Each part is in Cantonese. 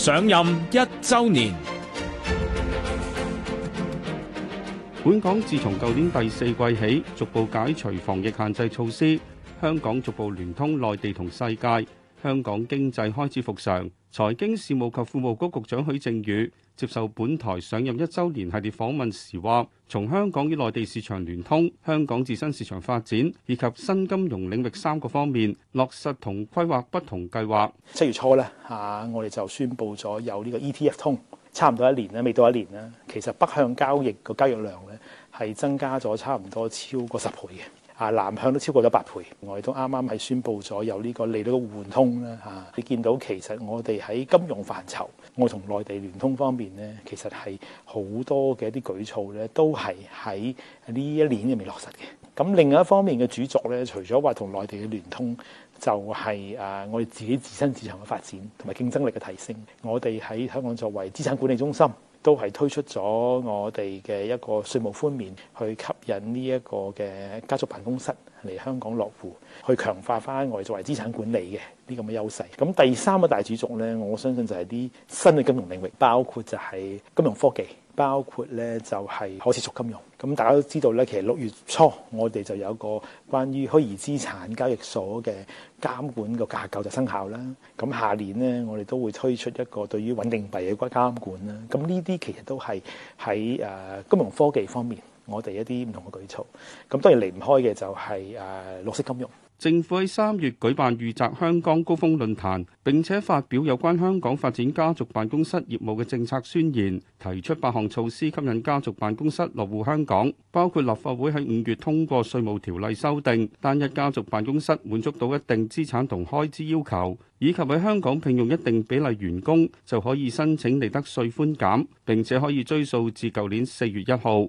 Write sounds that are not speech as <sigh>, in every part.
上任一周年，本港自從舊年第四季起逐步解除防疫限制措施，香港逐步聯通內地同世界，香港經濟開始復常。財經事務及庫務局局長許正宇，接受本台上任一周年系列訪問時話，從香港與內地市場聯通、香港自身市場發展以及新金融領域三個方面，落實同規劃不同計劃。七月初咧，吓，我哋就宣布咗有呢個 ETF 通，差唔多一年咧，未到一年啦，其實北向交易個交易量咧，係增加咗差唔多超過十倍嘅。啊，南向都超過咗八倍，我哋都啱啱係宣布咗有呢個利率嘅互換通啦。嚇，你見到其實我哋喺金融範疇，我同內地聯通方面咧，其實係好多嘅一啲舉措咧，都係喺呢一年入面落實嘅。咁另外一方面嘅主作咧，除咗話同內地嘅聯通，就係、是、誒我哋自己自身市場嘅發展同埋競爭力嘅提升。我哋喺香港作為資產管理中心。都係推出咗我哋嘅一個稅務寬免，去吸引呢一個嘅家族辦公室嚟香港落戶，去強化翻我哋作為資產管理嘅呢咁嘅優勢。咁第三個大主軸咧，我相信就係啲新嘅金融領域，包括就係金融科技。包括咧就係可持續金融，咁大家都知道咧，其實六月初我哋就有個關於虛擬資產交易所嘅監管嘅架構就生效啦。咁下年咧，我哋都會推出一個對於穩定幣嘅監管啦。咁呢啲其實都係喺誒金融科技方面，我哋一啲唔同嘅舉措。咁當然離唔開嘅就係誒綠色金融。政府喺三月舉辦裕澤香江高峰論壇，並且發表有關香港發展家族辦公室業務嘅政策宣言，提出八項措施吸引家族辦公室落戶香港，包括立法會喺五月通過稅務條例修訂，單一家族辦公室滿足到一定資產同開支要求，以及喺香港聘用一定比例員工就可以申請利得稅寬減，並且可以追溯至舊年四月一號。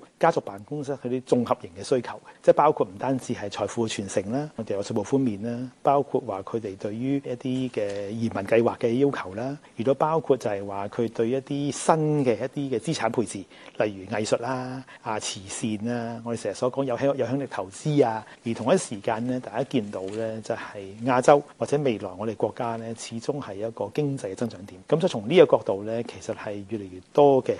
家族辦公室嗰啲綜合型嘅需求，即係包括唔單止係財富嘅傳承啦，我哋有數部方面啦，包括話佢哋對於一啲嘅移民計劃嘅要求啦，亦都包括就係話佢對一啲新嘅一啲嘅資產配置，例如藝術啦、啊慈善啦，我哋成日所講有影響有影響力投資啊。而同一時間咧，大家見到咧，就係亞洲或者未來我哋國家咧，始終係一個經濟嘅增長點。咁所以從呢個角度咧，其實係越嚟越多嘅誒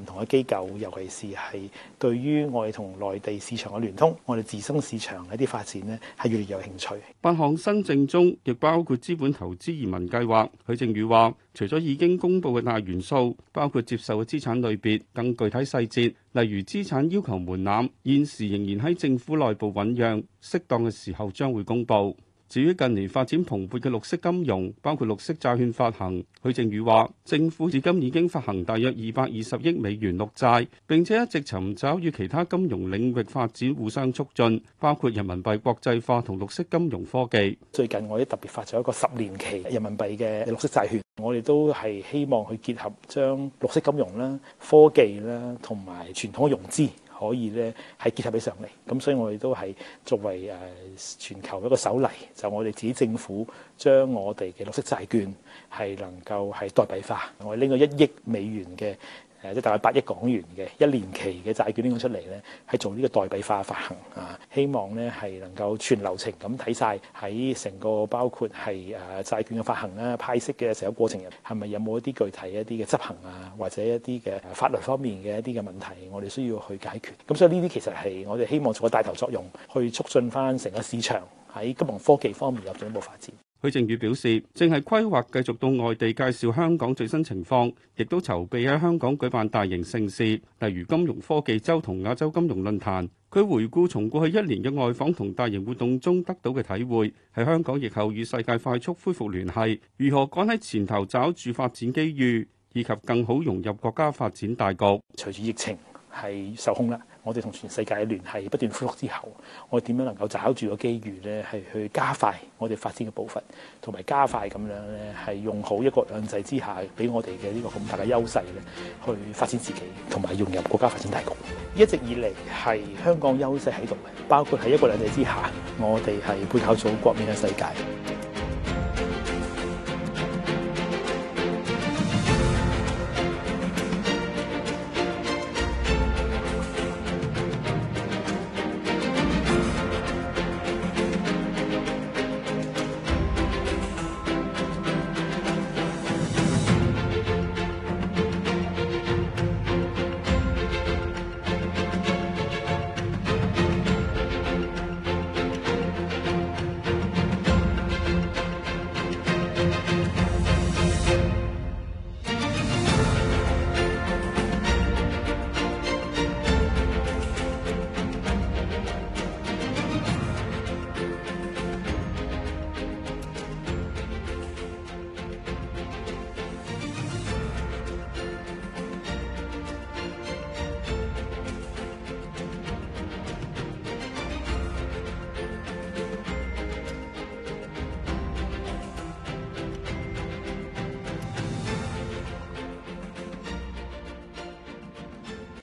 唔同嘅機構，尤其是係。對於我哋同內地市場嘅聯通，我哋自身市場一啲發展呢係越嚟越有興趣。八項新政中，亦包括資本投資移民計劃。許正宇話，除咗已經公布嘅大元素，包括接受嘅資產類別，更具體細節，例如資產要求門檻，現時仍然喺政府內部醖釀，適當嘅時候將會公布。至於近年發展蓬勃嘅綠色金融，包括綠色債券發行，許正宇話：政府至今已經發行大約二百二十億美元綠債，並且一直尋找與其他金融領域發展互相促進，包括人民幣國際化同綠色金融科技。最近我哋特別發咗一個十年期人民幣嘅綠色債券，我哋都係希望去結合將綠色金融啦、科技啦同埋傳統融資。可以咧係結合起上嚟，咁所以我哋都係作為誒全球一個首例，就我哋自己政府將我哋嘅綠色債券係能夠係代幣化，我哋呢個一億美元嘅。誒即大概八億港元嘅一年期嘅債券呢個出嚟咧，係做呢個代幣化發行啊，希望咧係能夠全流程咁睇晒喺成個包括係誒、啊、債券嘅發行啦、派息嘅成個過程入，係咪有冇一啲具體一啲嘅執行啊，或者一啲嘅法律方面嘅一啲嘅問題，我哋需要去解決。咁所以呢啲其實係我哋希望做個帶頭作用，去促進翻成個市場喺金融科技方面有進一步發展。許正宇表示，正係規劃繼續到外地介紹香港最新情況，亦都籌備喺香港舉辦大型盛事，例如金融科技周同亞洲金融論壇。佢回顧從過去一年嘅外訪同大型活動中得到嘅體會，係香港疫後與世界快速恢復聯繫，如何趕喺前頭抓住發展機遇，以及更好融入國家發展大局。隨住疫情係受控啦。我哋同全世界嘅聯繫不斷恢復之後，我點樣能夠抓住個機遇呢？係去加快我哋發展嘅步伐，同埋加快咁樣呢，係用好一國兩制之下俾我哋嘅呢個咁大嘅優勢呢，去發展自己，同埋融入國家發展大局。 <noise> 一直以嚟係香港優勢喺度嘅，包括喺一國兩制之下，我哋係背靠祖國面向世界。